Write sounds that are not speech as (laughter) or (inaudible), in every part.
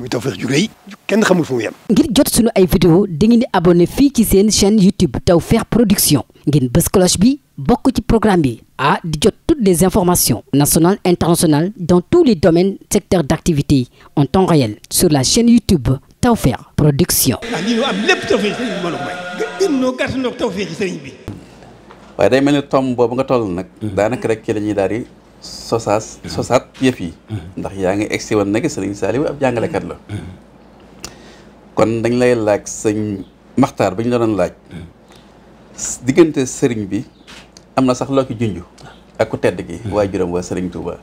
muy Tawfekh ju rëy kenn xamul fu mu yem. ngir jot sunu ay vidéo dangeen di abonné fii ci seen chaîne YouTube Tawfekh Production ngeen bës cloche bi bokk ci programme bi ah di jot toutes des informations nationales internationales dans tous les domaines secteurs d'activité en temps réel sur la chaîne YouTube Tawfekh Production. ah lii ñu am lépp Tawfekh sëriñ bi ma la may. bi. waaye day mel ni tomb boobu nga toll nag. Hmm. daanaka rek ci la ñuy daal sosaas sosaat yëpp yi ndax yaa ngi egsi woon nag sëriñ Saliou ab jàngalekat la kon dañ lay laaj sëñ maxtaar bañ ñu la doon laaj diggante sëriñ bi am na sax loo ki junj ak ku tedd gi waaye juróom waa sëriñ Touba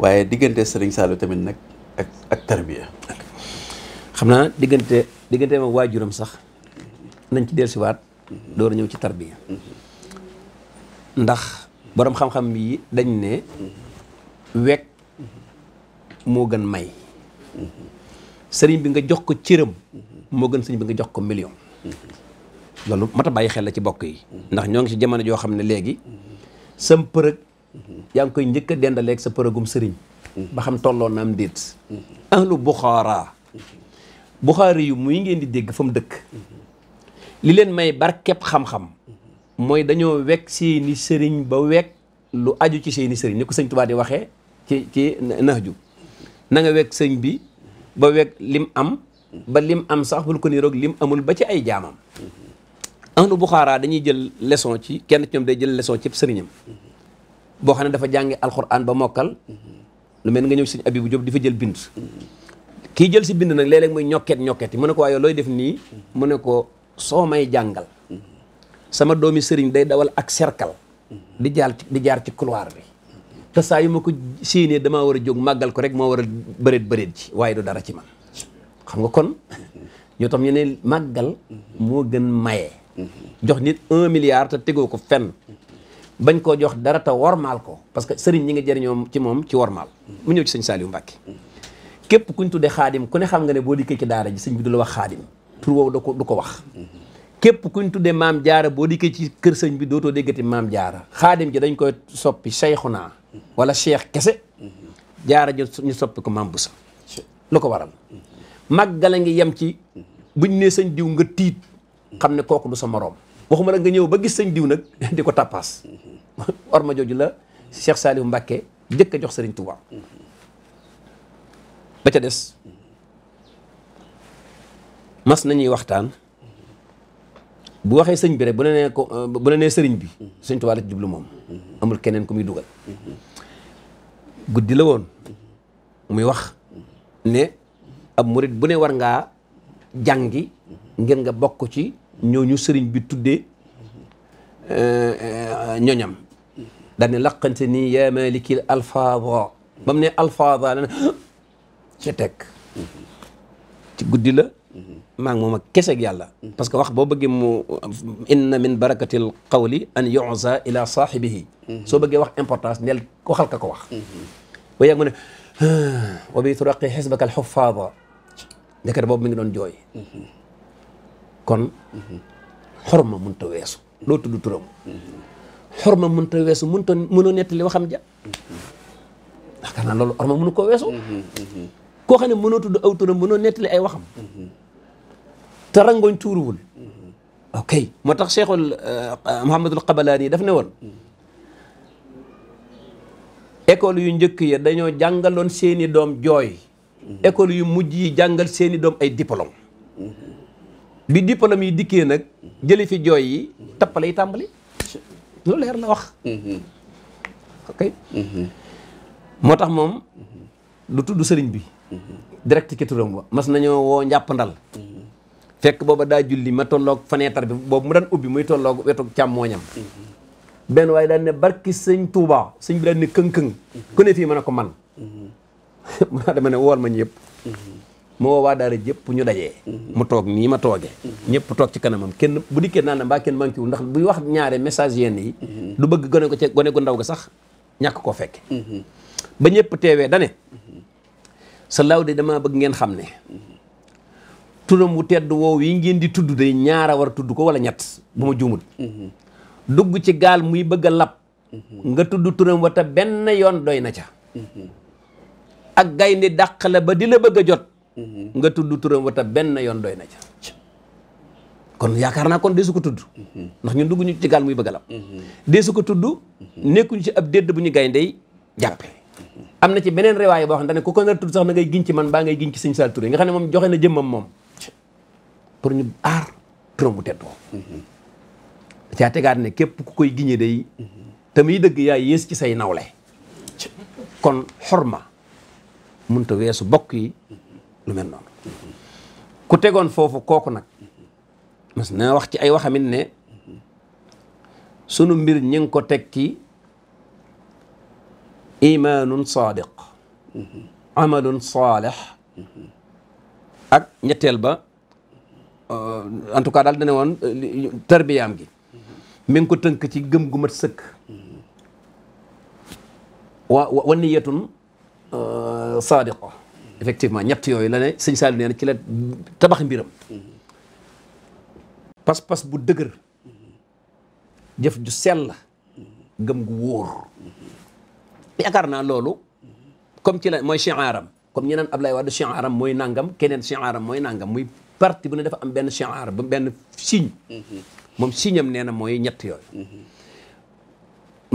waaye diggante sëriñ Saliou tamit nag ak tarbiya xam naa diggante diggante moom waajuram sax nañ ci dellusiwaat mhm. door ñëw ci tarbiya mhm. ndax boroom xam-xam yi dañ ne wekk moo gën may sëriñ bi nga jox ko cëram moo gën sëriñ bi nga jox ko million loolu mat a xel la ci bokk yi ndax ñoo ngi ci jamono joo xam ne léegi sam përëg yaa ngi koy njëkk a dendaleeg sa përëgum sëriñ ba xam tolloo na am déet ahlu buxaara buxaari yu muy ngeen di dégg fa mu dëkk li leen may barkeb xam-xam mooy dañoo wekk seeni sëriñ ba wekk lu aju ci seeni sëriñ ni ko sëñ Tuubaa di waxee ci ci nax ju wekk sëñ bi ba wekk lim am ba lim am sax bul ko niroog lim amul ba ci ay jaamam ahlu Buxaara dañuy jël leçon ci kenn ci ñoom day jël leçon ci sëriñam boo xam ne dafa jànge alxuraan ba mokkal lu mel ni nga ñëw sëñ Abibu Jóob di fa jël bind kii jël si bind nag léeg mooy muy ñokket ñokket yi mu ne ko waaye looy def nii mu ne ko soo may jàngal sama doomi sëriñ day dawal ak cercle di jaar di jaar ci couloir bi te saa yu ma ko séenee damaa war a jóg màggal ko rek moo war a bëreet bëreet ji waaye du dara ci man xam nga kon ñoo tax màggal moo gën maye. jox nit un milliard te tegoo ko fenn bañ koo jox dara te wormaal ko parce que sëriñ ñi nga jëriñoo ci moom ci wormaal mu ñëw ci sëñ Saliou Mbacke képp kuñ tuddee xaadim ku ne xam nga ne boo dikkee ci daara ji sëñ bi du la wax xaadim tur woowu du ko du ko wax képp kuñ tuddee maam jaara boo dikkee ci kër sëñ bi dootoo déggati maam jaara xaadim ji dañ koy soppi Cheikhuna wala Cheikh kese jaara ji ñu soppi ko maam Boussa lu ko waral màggala ngi yem ci buñ nee sëñ diw nga tiit xam ne kooku du sa moroom waxuma la nga ñëw ba gis sëñ diw nag (laughs) di ko tappaas orma jooju la Cheikh Saliou Mbacké jëkk a jox Sëriñ tubaab ba ca des mas nañuy waxtaan bu waxee sëñ bi rek bu la nee ko euh, bu la sëriñ bi sëñ Tuubaa la ci jublu moom amul keneen ku muy dugal guddi la woon muy wax ne ab murit bu ne war ngaa jàngi ngir nga bokk ci ñu sëriñ bi tuddee euh, ñoñam daal ne laqante nii yaa maalikil alfaada ba ne alfaada la ne (gasps) ci guddi la maa ngi moom ak kese ak yàlla parce que wax boo bëggee in inna min barakatil qawli an yuza ila saahibihi soo bëggee wax importance neel waxal ka ko wax wa bi turaqi xisbaka al xufaada ndeket boobu mi ngi doon jooy kon xorma mun ta weesu loo tudd turam xorma mun ta weesu mun ta mënoo nettali waxam ja ndax naa loolu xorma mënu ko weesu koo xam ne mënoo tudd aw turam mënoo nettali ay waxam te rangoñ tuuruwul mm-hmm. ok moo tax cheikhul euh, Mouhamadul Qabalaani daf ne woon mm-hmm. école yu njëkk yi dañoo jàngaloon seeni doom jooy mm-hmm. école yu mujj yi jàngal seeni doom ay diplôme bi diplôme yi dikkee nag jëli fi jooy yi tappale yi tàmbali lu leer la wax moo tax moom du tudd sëriñ bi direct ki turam ba mas woo njàpp ndal fekk booba daa julli ma tolloog fenêtre bi boobu mu daan ubbi muy tolloog wetu càmmooñam benn waaye daan ne barki sëñ tuuba sëñ bi daan ne këng-këng ku fii mën a ko man (laughs) mu naa ne wool ma ñëpp ma woo waa ñu dajee mu toog nii ma toogee ñëpp toog ci kanamam kenn bu dikkee naan na mbaa kenn manqué wu ndax buy wax ñaare message yenn yi du bëgg gone ko ci gone gu ndaw ga sax ñàkk koo fekke ba ñëpp teewee dane sa laaw de damaa bëgg ngeen xam ne turam wu tedd woow yi ngeen di tudd day ñaara war a tudd ko wala ñett bu ma juumul mhm. dugg ci gaal muy bëgg a mhm. nga tudd turam wa te benn yoon doy na ca mhm. ak gaynde dàq la ba di la bëgg jot nga tudd turam wa te benn yoon doy na ca kon yaakaar naa kon deesu ko tudd ndax ñun dugg ñu ci gaal muy bëgg a lab deesu ko tudd nekkuñ ci ab dédd bu ñu gayndey jàppe am na ci beneen rewaay boo xam ne ku ko nar tudd sax na ngay giñ ci man baa ngay giñ ci sëñ Sall Touré nga xam ne moom joxe na jëmmam moom pour ñu aar turam bu tedd ko da tegaat ne képp ku koy giñe day te muy dëgg yaa yées ci say nawle kon xorma mënta weesu bokk yi lu mel noonu ku tegoon foofu kooku nag mas na wax ci ay waxamin ne sunu mbir ñi ngi ko teg ki imaanun saadiq amalun saalix ak ñetteel ba Euh, en tout cas daal dane woon euh, tarbiyaam gi mi ngi ko tënk ci gëm gu mat sëkk wa wa niyatun euh, saadiqa effectivement ñett yooyu la ne sëñ Saliou nee na ci la tabax mbiram pas-pas bu dëgër jëf ju sell gëm gu wóor yaakaar naa loolu comme ci la mooy chiaram comme lay Ablaye Wade chiaram mooy nangam keneen chiaram mooy nangam muy parti bu ne dafa am benn chanre ba benn signe mhm. moom signe am nee na mooy ñett yooyu mhm.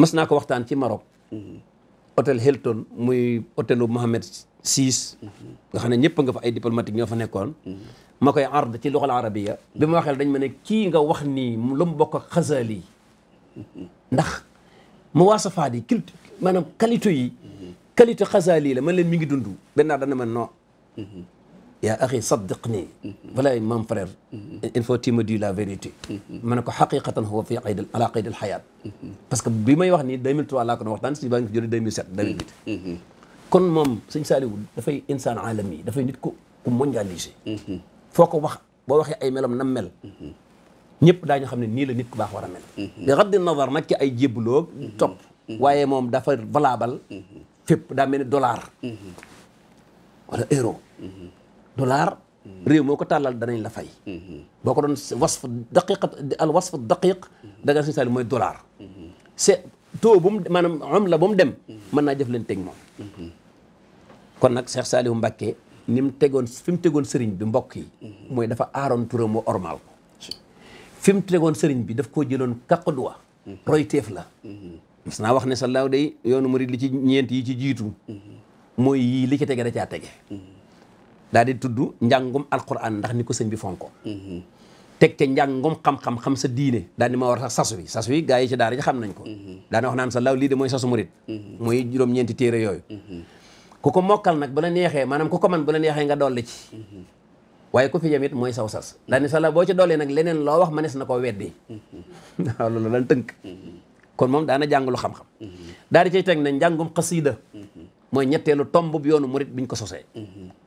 mas naa ko waxtaan ci Maroc mhm. hôtel Hilton muy hôtelu Mohammed VI nga xam ne ñëpp nga fa ay diplomatique ñoo fa nekkoon ma koy ard ci loxol arabiya bi ma waxee dañ ma ne kii nga wax nii lu mu bokk ak Xasaali ndax mu waasafaat yi culture maanaam qualité yi qualité Xasaali la ma leen mi ngi dund benn dana ma non yaa axi saddiqnii mm-hmm. walaay mon frère mm-hmm. il faut tu me dis la vérité mm-hmm. ma ne ko xaqiqatan huwa fi qayd ala qayd al xayaat parce que bi may wax nii 2003 laa ko doon waxtaan si baa ngi fi jóge 2007 2008 kon moom sëñ Saliou dafay insaan alami dafay nit ku ku mondialisé foo ko wax boo waxee ay melam nam mel ñëpp daañu xam ne nii la nit ku baax war a mel bi gaddi nazar nag ci ay jébbaloo topp waaye moom dafa valable fépp daa mel ni dollar wala euro dollar réew moo ko tàllal danañ la fay ko doon wasf daqiq al wasf daqiq da nga saali mooy dollar c'est taux bu mu maanaam am la ba mu dem mën naa jëf leen teg moom kon nag Cheikh Saliou Mbacké ni mu tegoon fi mu tegoon sëriñ bi mbokk yi mooy dafa aaroon turam mu ormaal ko fi mu tegoon sëriñ bi daf koo jëloon kaqaduwa roy teef la mas naa wax ne sa laaw day yoonu murid li ci ñeent yi ci jiitu mooy yii li ci tege da caa tege daal di tudd njàngum alquran ndax ni ko sëñ bi fonko teg ca njàngum xam-xam xam sa diine daal di ma war sax sasu bi sasu bi gars yi ci daara ji xam nañ ko daana wax naan sa law lii de mooy sasu murit mooy juróom-ñeenti téere yooyu ku ko mokal nag bu la neexee maanaam ku ko man bu la neexee nga dolli ci waaye ku fi yem it mooy saw sas daal ni sa la boo ci dolli nag leneen loo wax nees na koo weddi waaw loolu lan tënk kon moom daana jàngalu xam-xam daal di cay teg na njàngum xasiida mooy ñetteelu tomb bu yoonu murit biñ ko sosee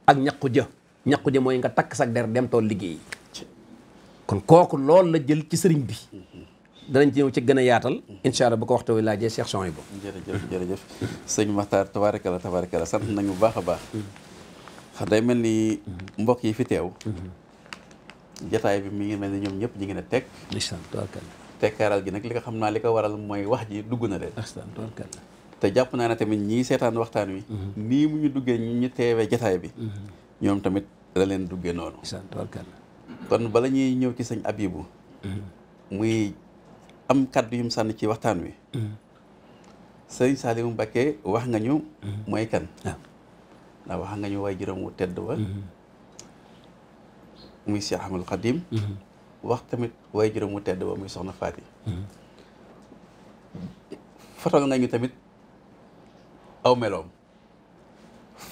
ak ñaqu jë ñaqu jë mooy nga takk sag der dem tool liggéey kon kooku loolu la jël ci sëriñ bi danañ ci ci gën a yaatal incha allah bu ko waxtu wi laajee Cheikh Son yi bo jërëjëf jërëjëf sëñ Maxtaar tabaarakala tabaarakala sant nañu bu baax a baax xam day mel ni mbokk yi fi teew jataay bi mi ngi mel ni ñoom ñëpp ñu ngi ne teg tekkaaral gi nag li ko xam naa li ko waral mooy wax ji dugg na leen te jàpp naa ne tamit ñii seetaan waxtaan wi. Mhm. nii mu ñu duggee ñu ñu teewee jataay bi. Mhm. ñoom tamit la leen duggee noonu. kon bala ñuy ñëw ci sëñ Abibu mhm. muy am kàddu yum sànni ci waxtaan wi. sëñ Saliou Mbacké wax nga ñu. mooy kan. ndax wax nga ñu way juróom wu tedd wa. muy Cheikh Ahmadou Khadim. wax tamit waay juróom wu tedd wa muy Soxna Faati. fotal nga ñu tamit. aw meloom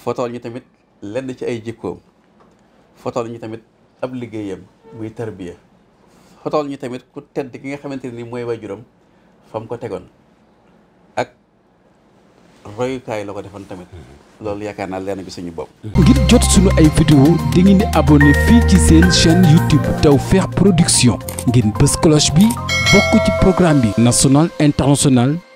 fotool ñu tamit lenn ci ay jikkoom fotool ñu tamit ab liggéeyam muy tarbiya fotool ñi tamit ku tedd ki nga xamante ni mooy waajuram fam ko tegoon ak royukaay la ko defoon tamit mm-hmm. loolu yaakaar naa lenn bi suñu bopp. Mm-hmm. ngir jot suñu ay vidéo di ngeen di abonné fii ci seen chaîne YouTube Tawfekh Production ngeen bës cloche bi bokk ci programme bi national international